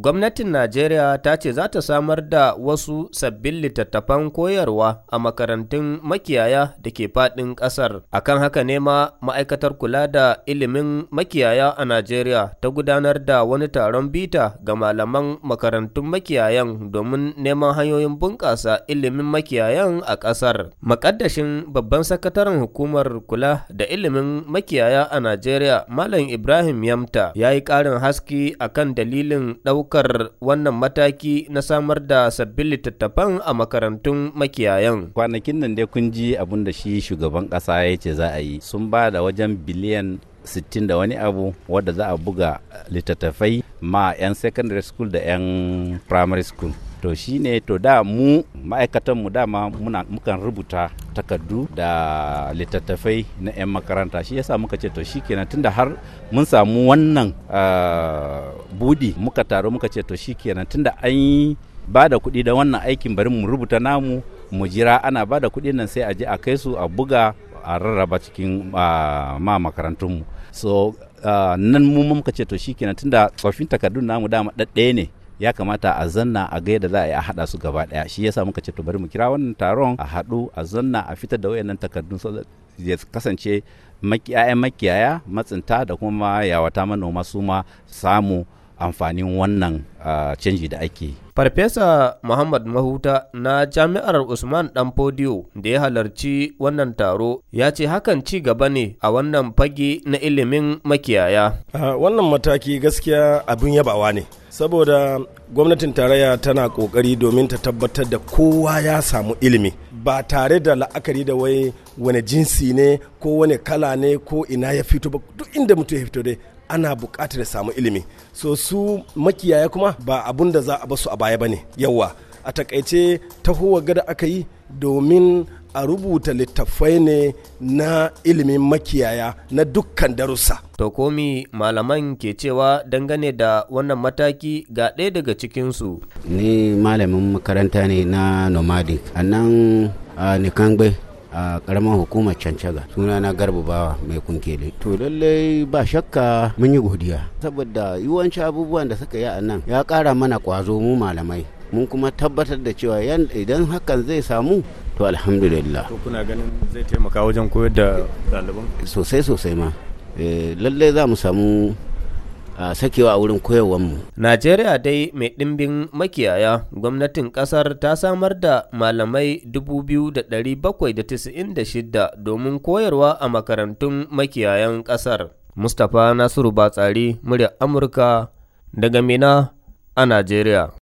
Gwamnatin Najeriya ta ce za ta samar da wasu sabbin littattafan koyarwa a makarantun makiyaya da ke faɗin ƙasar. Akan haka ne ma ma'aikatar kula da ilimin makiyaya a Najeriya ta gudanar da wani taron bita ga malaman makarantun makiyayan domin neman hanyoyin bunƙasa ilimin makiyayan a ƙasar. Makaddashin babban sakataren hukumar kula da ilimin makiyaya a Najeriya Malam Ibrahim Yamta ya yi ƙarin haske akan dalilin ɗaukar ɗaukar wannan mataki na samar da sabbin littattafan a makarantun makiyayan. Kwanakin nan dai kun ji abin da shi shugaban ƙasa ya ce za a yi sun ba da wajen biliyan Sittin da wani abu wadda za a buga littattafai ma 'yan secondary school da 'yan primary school to shi ne to da mu ma'aikatanmu dama muna mukan rubuta takardu da littattafai na 'yan makaranta shi yasa muka ce to shi kenan tunda har mun samu wannan ah, budi muka taru muka ce to shi kenan tunda an yi ba da kuɗi da wannan aikin bari mu rubuta namu mu jira ana ba da kuɗi nan sai a je a kai su a buga a rarraba cikin ma makarantunmu so nan mu muka ce to shikenan tunda tsoffin takardun namu dama ɗaɗɗe ne ya kamata a zanna a gaida za a yi a haɗa su gaba ɗaya shi yasa muka ce to bari mu kira wannan taron a haɗu a zanna a fitar da wayannan takardun ya kasance makiyaya matsinta da kuma yawata manoma su ma samu amfanin wannan canji da ake. Farfesa Muhammad Mahuta na Jami'ar Usman dan fodiyo da ya halarci wannan taro ya ce hakan ci gaba ne a wannan fage na ilimin makiyaya. Wannan mataki gaskiya abin yabawa ne, saboda gwamnatin tarayya tana kokari domin ta tabbatar da kowa ya samu ilimi. ba tare da la'akari da wai wani jinsi ne ko wani kala ne ko ina ya fito ba duk inda mutum ya fito dai ana buƙatar samu ilimi so su makiyaya kuma ba abun da za a basu a baya bane yawa a takaice tahowa gada aka yi domin a rubuta littattafai ne na ilimin makiyaya na dukkan darussa. To komi malaman ke cewa dangane da wannan mataki ga ɗaya daga cikinsu. Ni malamin makaranta ne na nomadic a nan a Nikangbe a karamar hukumar cancaga suna na garba bawa mai kunkele to lallai ba shakka mun yi godiya saboda yawanci abubuwan da suka yi a nan ya kara mana kwazo mu malamai mun kuma tabbatar da cewa idan hakan zai samu to alhamdulillah to kuna ganin zai taimaka wajen koyar da ɗaliban sosai sosai ma eh, lallai za mu samu sakewa a wurin koyarwarmu. Najeriya dai mai ɗimbin makiyaya gwamnatin ƙasar ta samar da malamai 2,796 domin koyarwa a makarantun makiyayan ƙasar. Mustapha Nasiru Batsari, murya Amurka daga Mina a Najeriya.